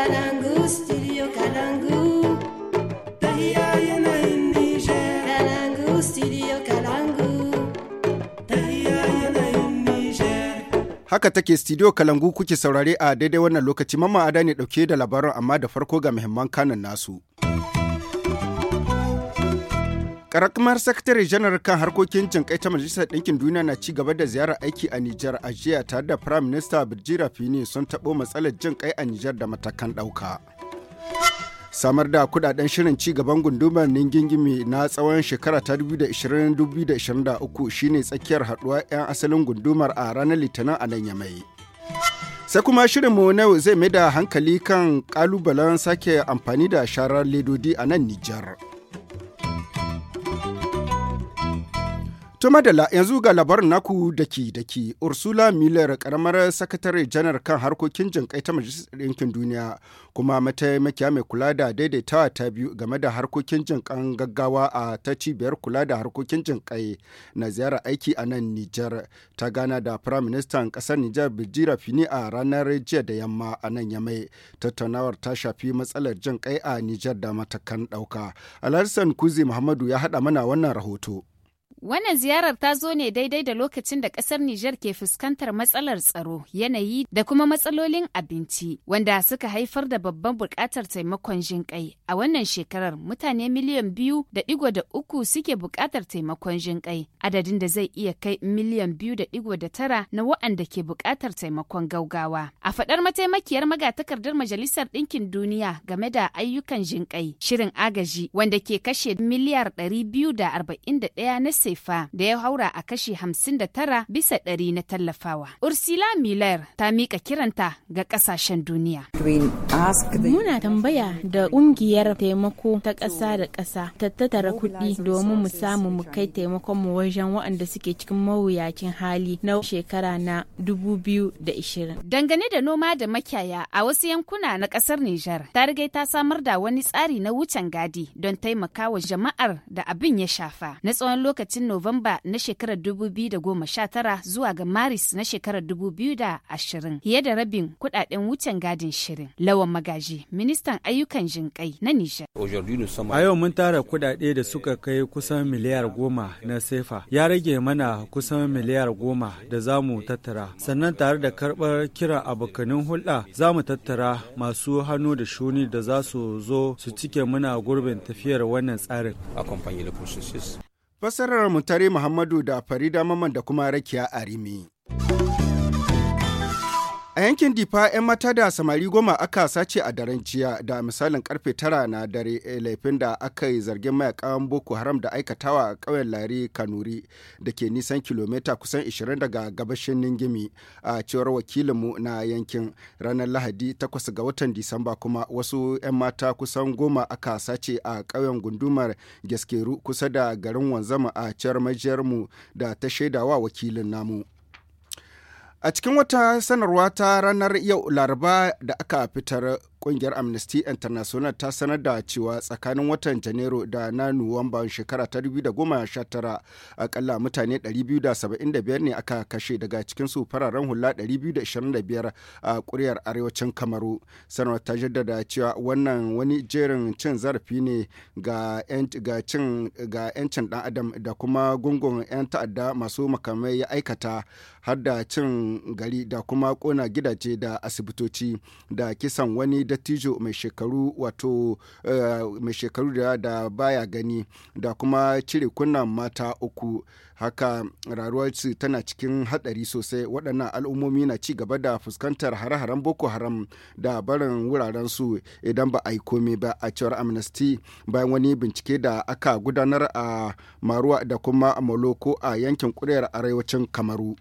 Kalangu, studio Haka take studio Kalangu kuke saurare a daidai wannan lokaci mamma ada ne dauke da labaran amma da farko ga muhimman kanan nasu. Karakamar sakatare janar kan harkokin jinkai ta Majalisar Ɗinkin Duniya na ci gaba da ziyarar aiki a Nijar a jiya tare da Prime Minister Birjira Fini sun taɓo matsalar jinkai a Nijar da matakan ɗauka. Samar da kudaden shirin ci gaban gundumar Ningingimi na tsawon shekara ta 2020-2023 shine tsakiyar haɗuwa 'yan asalin gundumar a ranar Litinin a nan Yamai. sai kuma shirin na zai mai da hankali kan ƙalubalen sake amfani da sharar ledodi a nan Nijar. To madala yanzu ga labarin naku daki daki Ursula Miller karamar sakatare janar kan harkokin kai ta Majalisar Ɗinkin Duniya kuma mataimakiya mai kula da daidaitawa ta biyu game da harkokin kan gaggawa a ta cibiyar kula da harkokin kai na ziyara aiki a nan Nijar ta gana da Prime Minister ƙasar Nijar Bijira Fini a ranar jiya da yamma a nan Yamai tattaunawar ta shafi matsalar kai a Nijar da matakan ɗauka. Alhassan Kuzi Muhammadu ya haɗa mana wannan rahoto. Wannan ziyarar ta zo ne daidai da lokacin da ƙasar Nijar ke fuskantar matsalar tsaro, yanayi da kuma matsalolin abinci, wanda suka haifar da babban buƙatar taimakon jinƙai. A wannan shekarar mutane miliyan biyu da digo da uku suke buƙatar taimakon jinƙai, adadin da zai iya kai miliyan biyu da digo da tara na waɗanda ke buƙatar taimakon gaugawa. A faɗar mataimakiyar magatakardar Majalisar Ɗinkin Duniya game da ayyukan jinƙai, shirin agaji wanda ke kashe miliyar ɗari biyu da arba'in da ɗaya na Saifa da ya haura a kashi hamsin da tara bisa ɗari na tallafawa. Ursula Miller ta mika kiranta ga ƙasashen duniya. Muna tambaya da ƙungiyar taimako ta ƙasa da ƙasa ta tattara kuɗi domin mu samu mu kai taimakon mu wajen waɗanda suke cikin mawuyacin hali na shekara na 2020. Dangane da noma da makiyaya a wasu yankuna na ƙasar Nijar, ta rigai ta samar da wani tsari na wucin gadi don taimakawa jama'ar da abin ya shafa na tsawon lokacin watan Nuwamba na shekarar 2019 zuwa ga Maris na shekarar 2020 fiye da rabin kudaden wucin gadin shirin. Lawan Magaji, ministan ayyukan jinƙai na Nijar. A yau mun tara kudade da suka kai kusan miliyar goma na sefa. Ya rage mana kusan miliyar goma da za mu tattara. Sannan tare da karɓar kira abokanin hulɗa za mu tattara masu hannu da shuni da za su zo su cike muna gurbin tafiyar wannan tsarin. Fassarar Mutare Muhammadu da Farida Mamman da kuma Rakiya Arimi. A yankin Difa 'yan mata da samari goma aka sace a daren jiya da misalin karfe tara na dare eh, laifin da aka yi zargin mayakan Boko Haram da aikatawa a ƙauyen Lare Kanuri da ke nisan kilomita kusan 20 daga gabashin Ningimi a cewar wakilinmu na yankin ranar Lahadi 8 ga watan Disamba kuma wasu 'yan mata kusan goma aka sace a ƙauyen gundumar Gaskeru kusa da garin Wanzama a cewar majiyarmu da ta shaidawa wakilin namu. A cikin wata sanarwa ta ranar yau Laraba da aka fitar Ƙungiyar Amnesty International ta sanar da cewa tsakanin watan Janairu da na Nuwamban shekara ta 2019 akalla mutane 275 ne aka kashe daga cikin su fararen hula 225 a kuryar arewacin Kamaru. Sanarwar ta jaddada cewa wannan wani jerin cin zarafi ne ga 'yancin dan adam da kuma gungun 'yan ta'adda masu makamai ya aikata har da cin gari da kuma kona gidaje da asibitoci da kisan wani dattijo mai shekaru wato eh, mai shekaru da, da baya gani da kuma cire kunnan mata uku haka rayuwarsu tana cikin hadari sosai waɗannan al'ummomi na ci gaba da fuskantar hare-haren boko haram da barin wuraren su idan ba a yi komai ba a cewar amnesty bayan wani bincike da aka gudanar a maruwa da kuma a maloko a yankin kuriyar arewacin kamaru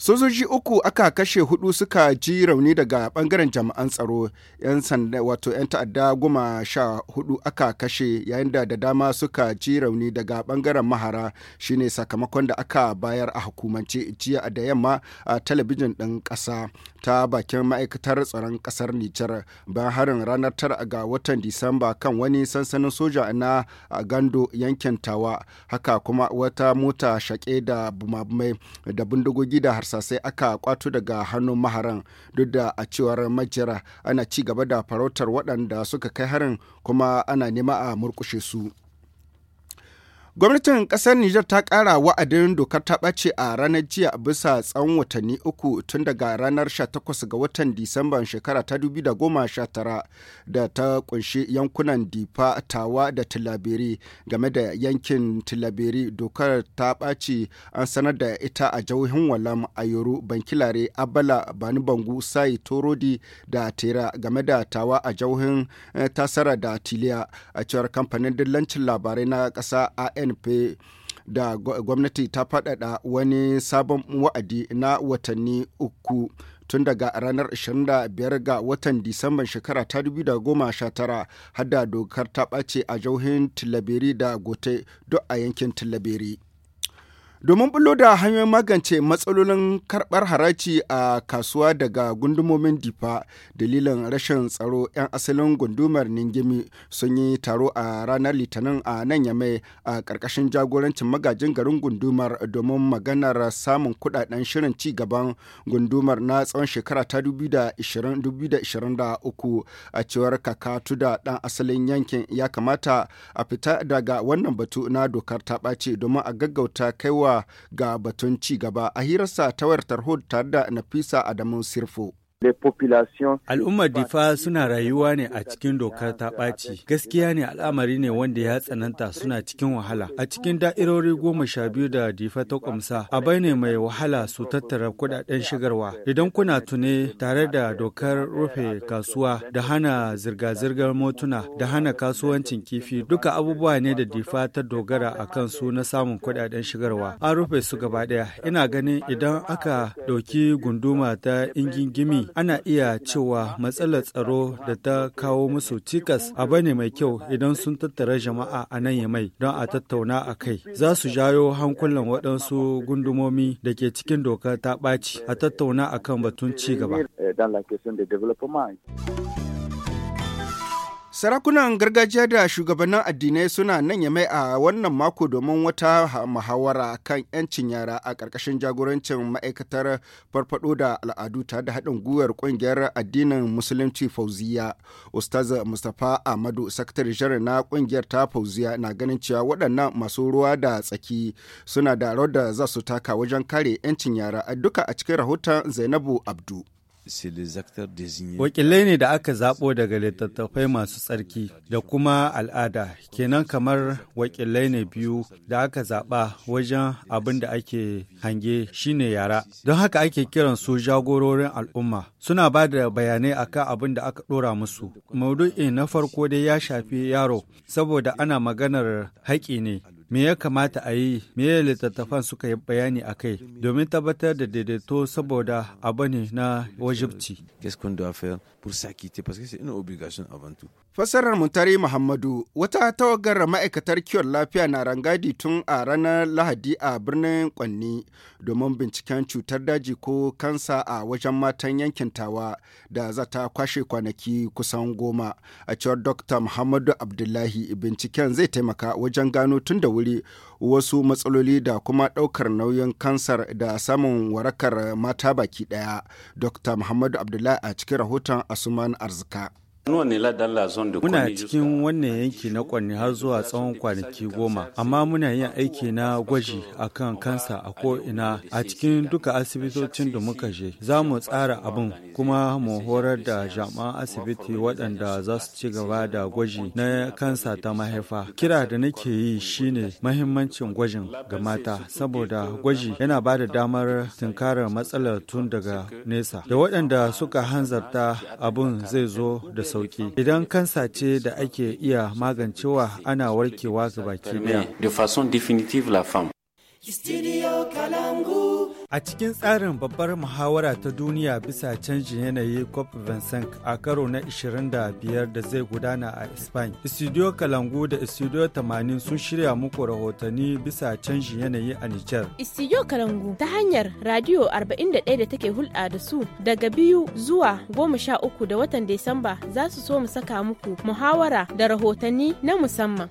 sojoji uku aka kashe hudu suka ji rauni daga bangaren jami'an tsaro yan sanda wato yan ta'adda goma sha hudu aka kashe yayin da da dama suka ji rauni daga bangaren mahara shine sakamakon da aka bayar a hukumance jiya da yamma a talabijin ɗin ƙasa ta bakin ma'aikatar tsaron ƙasar nijar bayan harin ranar tara ga watan disamba kan wani sansanin soja na gando yankin tawa haka kuma wata mota shaƙe da bumabumai da bindigogi da sai aka kwato daga hannun maharan duk da a cewar majira ana ci gaba da farautar waɗanda suka kai harin kuma ana nema a murkushe su. Gwamnatin ƙasar Nijar ta ƙara wa'adin dokar ta ɓace a ranar jiya bisa tsawon watanni uku tun daga ranar 18 ga watan Disamban shekara ta 2019 da ta ƙunshi yankunan Difa, Tawa da tilabiri game da yankin Tilaberi dokar ta ɓace an sanar da ita a jauhin Walam, Ayoro, Bankilare, Abala, Bani Bangu, Sai, Torodi da Tera game da Tawa a jauhin eh, Tasara da Tiliya a cewar kamfanin dillancin labarai na ƙasa AN cnp da gwamnati ta faɗaɗa wani sabon wa'adi na watanni uku tun daga ranar 25 ga watan Disamban shekara ta 2019 har da dokar ta ɓace a jauhin tilabiri da Gote duk a yankin tilabiri Domin bullo da hanyoyin magance matsalolin karbar haraji a kasuwa daga gundumomin difa dalilin rashin tsaro 'yan asalin gundumar Ningimi sun yi taro a ranar Litinin a nan Yamai a karkashin jagorancin magajin garin gundumar domin maganar samun kudaden shirin ci gaban gundumar na tsawon shekara ta 2023 a cewar kaka tuda dan asalin yankin ya kamata a fita daga wannan batu na dokar ta ɓace domin a gaggauta kaiwa zuwa ga batun ci gaba a hirarsa ta wayar tarho tare da Nafisa Adamu Sirfo. Al'ummar Difa suna rayuwa ne a cikin dokar ta ɓaci. Gaskiya ne al'amari ne wanda ya tsananta suna cikin wahala. A cikin da'irori goma sha biyu da Difa ta ƙumsa, abai ne mai wahala su tattara kuɗaɗen shigarwa. Idan kuna tune tare da dokar rufe kasuwa da hana zirga-zirgar motuna da hana kasuwancin kifi duka abubuwa ne da Difa ta dogara a kansu na samun kuɗaɗen shigarwa. An rufe su gaba ɗaya. Ina ganin idan aka ɗauki gunduma ta ingingimi ana iya cewa matsalar tsaro da ta kawo musu cikas abu ne mai kyau idan sun tattara jama'a a nan yamai don a tattauna a kai. Za su jayo hankulan waɗansu gundumomi da ke cikin doka ta ɓaci a tattauna akan batun ci gaba. Sarakunan gargajiya da shugabannin addinai suna nan ya mai a wannan mako domin wata muhawara kan 'yancin yara a ƙarƙashin jagorancin ma'aikatar farfado da al'adu tare da haɗin gwiwar ƙungiyar addinin musulunci fauziya. Ustaz Mustapha Ahmadu sakatare jihar na ƙungiyar ta fauziya na ganin cewa waɗannan masu ruwa da tsaki suna da rawar da za su taka wajen kare 'yancin yara duka a cikin rahoton Zainabu Abdu. Wakilai ne da aka zaɓo daga littattafai masu tsarki da kuma al'ada, kenan kamar wakilai ne biyu da aka zaɓa wajen abin da ake hange shine yara. Don haka ake kiran su jagororin al'umma. Suna ba da bayanai akan abin da aka ɗora musu. Maudu'i na farko dai ya shafi yaro, saboda ana maganar haƙi ne. me ya kamata a yi me littattafan suka yi bayani a kai domin tabbatar da daidaito saboda abu ne na wajibci Fassarar Muntari Muhammadu wata tawagar ma'aikatar kiwon lafiya na rangadi tun a ranar Lahadi a birnin Kwanni domin binciken cutar daji ko kansa a wajen matan yankin tawa da za ta kwashe kwanaki kusan goma. A cewar Dr. Muhammadu Abdullahi binciken zai taimaka wajen gano tun da wuri wasu matsaloli da kuma ɗaukar nauyin kansar da samun warakar mata baki ɗaya. Dr. Muhammadu Abdullahi a cikin rahoton Asuman Arzika. Muna cikin wannan yanki na kwanni har zuwa tsawon kwanaki goma, amma muna yin aiki na gwaji a kan kansa a ko'ina a cikin duka asibitocin da muka je. Za mu tsara abin kuma mu horar da jama'an asibiti waɗanda za su ci gaba da gwaji na kansa ta mahaifa. Kira da nake yi shine mahimmancin gwajin ga mata, saboda gwaji yana ba da damar tunkarar matsalar tun daga nesa. Da waɗanda suka hanzarta abin zai zo da sauki. sauki idan kansa ce da ake iya magancewa ana warkewa gabaki daya Studio A cikin tsarin babbar muhawara ta duniya bisa canjin yanayi COP25 a karo na 25 da zai gudana a Spain. Studio Kalangu da Studio 80 sun shirya muku rahotanni bisa canjin yanayi a Nijar. Studio Kalangu ta hanyar radio 41 da take hulɗa da su daga biyu zuwa goma sha uku da watan Desamba za su so mu saka muku muhawara da rahotanni na musamman.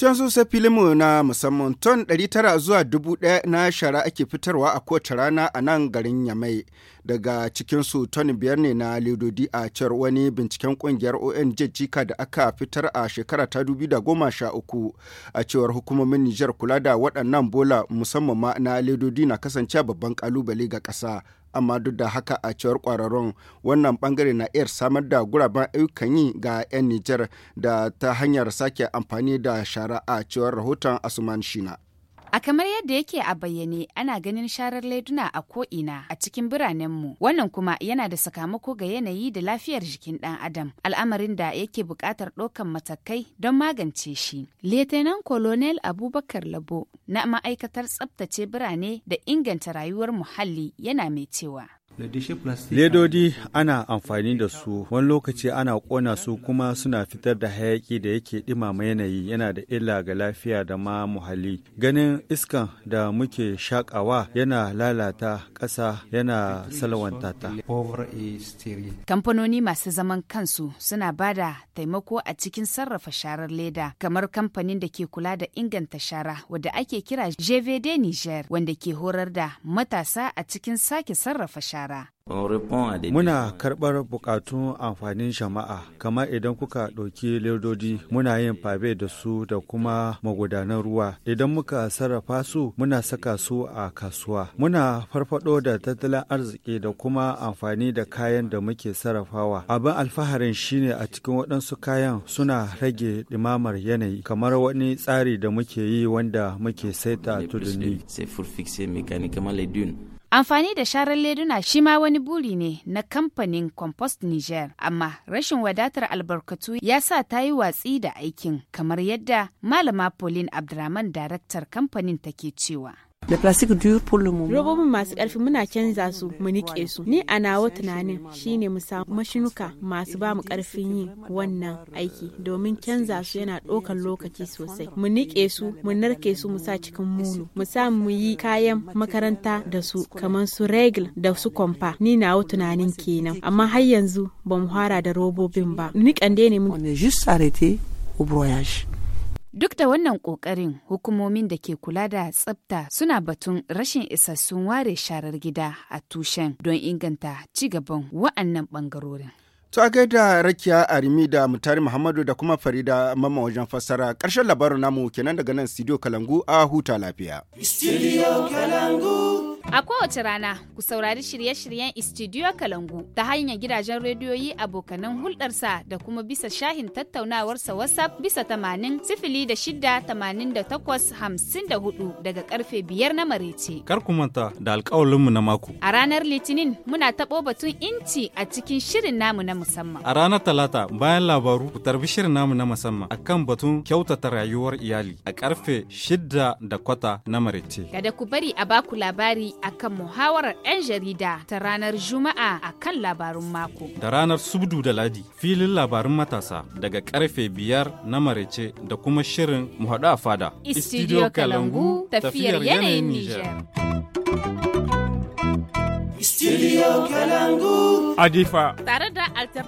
Tun sosai filimu na musamman ton 900 zuwa 1000 na shara ake fitarwa a kowace rana a nan garin Yamai. Daga cikinsu ton biyar ne na ledodi a cewar wani binciken kungiyar ONG jika da aka fitar a shekara ta 2013 a cewar hukumomin Nijar kula da waɗannan bola musamman ma na ledodi na kasance babban kalubale ga ƙasa. amma duk da haka a cewar kwararron wannan bangare na iya samar da guraben ayyukan yi ga 'yan Nijar da ta hanyar sake amfani da shara a cewar rahoton Asuman Shina. A kamar yadda yake a bayyane ana ganin sharar laiduna a ko'ina a cikin biranenmu. Wannan kuma yana da sakamako ga yanayi da lafiyar jikin ɗan adam, al'amarin da yake buƙatar ɗaukan matakai don magance shi. Letenan Colonel Abubakar Labo na ma'aikatar tsabtace birane da inganta rayuwar muhalli yana mai cewa. Ledodi ana amfani da su wani lokaci ana kona su kuma suna fitar da hayaki da yake ɗimama yanayi yana da illa ga lafiya da ma muhalli. Ganin iskan da muke shakawa yana lalata ƙasa yana salawanta ta. Kamfanoni masu zaman kansu suna ba da taimako a cikin sarrafa sharar leda kamar kamfanin da ke kula da inganta shara wadda ake kira JVD Niger wanda ke horar da matasa a cikin sake sarrafa shara. shara. Muna karɓar buƙatun amfanin shama'a, kamar idan kuka ɗauki ledodi muna yin fabe da su da kuma magudanan ruwa. Idan muka sarrafa su muna saka su a kasuwa. Muna farfado da tattalin arziki da kuma amfani da kayan da muke sarrafawa. Abin alfaharin shine a cikin waɗansu kayan suna rage ɗimamar yanayi, kamar wani tsari da muke yi wanda muke saita tuduni. Amfani da sharar leduna shi ma wani buri ne na kamfanin Compost Niger, amma rashin wadatar albarkatu ya sa ta yi watsi da aikin, kamar yadda Malama Pauline Abdraman, daraktar kamfanin take cewa. da plastic duur pour le moment robobin masu karfi muna canza su mu nike su ni a nawa tunanin shine mu samu mashinuka masu ba mu karfin yin wannan aiki domin canza su yana ɗaukar lokaci sosai mu nike su mu narke su mu sa cikin mulu mu sa mu yi kayan makaranta da su kamar su regal da su kwamfa ni nawa tunanin kenan amma har yanzu ba mu fara da robobin ba nikan ne mu on est juste arrêté au broyage Duk da wannan ƙoƙarin hukumomin da ke kula da tsafta suna batun rashin isassun ware sharar gida a tushen don inganta cigaban wa'annan ɓangarorin. To a gaida Rakiya Arimi da Mutari Muhammadu da kuma Farida Mamman wajen fassara karshen labarin namu kenan daga nan Studio Kalangu a huta lafiya. Studio Kalangu. A kowace rana ku saurari shirye-shiryen Istidiyo Kalangu ta hanyar gidajen rediyoyi abokanan hulɗarsa da kuma bisa shahin tattaunawarsa WhatsApp bisa tamanin sifili da shida tamanin da takwas hamsin da hudu daga karfe biyar na marece. Kar ku manta da alƙawalinmu na mako. A ranar Litinin muna taɓo batun inci a cikin shirin namu na musamman. A ranar Talata bayan labaru ku tarbi shirin namu na musamman akan batun kyautata rayuwar iyali a karfe shidda da kwata na marece. Kada ku bari a baku labari a kan muhawarar 'yan jarida ta ranar Juma'a a kan labarun mako. Da ranar Subdu da Ladi filin labarun matasa daga karfe biyar na marece da kuma shirin mu a fada. Istidiyo Kalangu tafiyar yanayin Nijar. Studio Kalangu. Adifa. Tare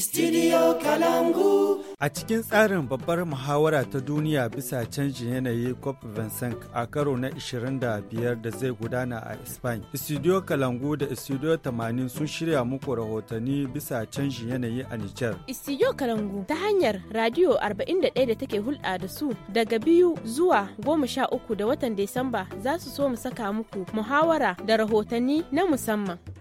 Studio A cikin tsarin babbar muhawara ta duniya bisa canjin yanayi COP25 a karo na 25 da zai gudana a Spain. Studio Kalangu da Studio 80 sun shirya muku rahotanni bisa canjin yanayi a Nijar. Studio Kalangu ta hanyar radio 41 da take hulɗa da su daga biyu zuwa goma sha uku da watan Desamba za su so mu saka muku muhawara da rahotanni na musamman.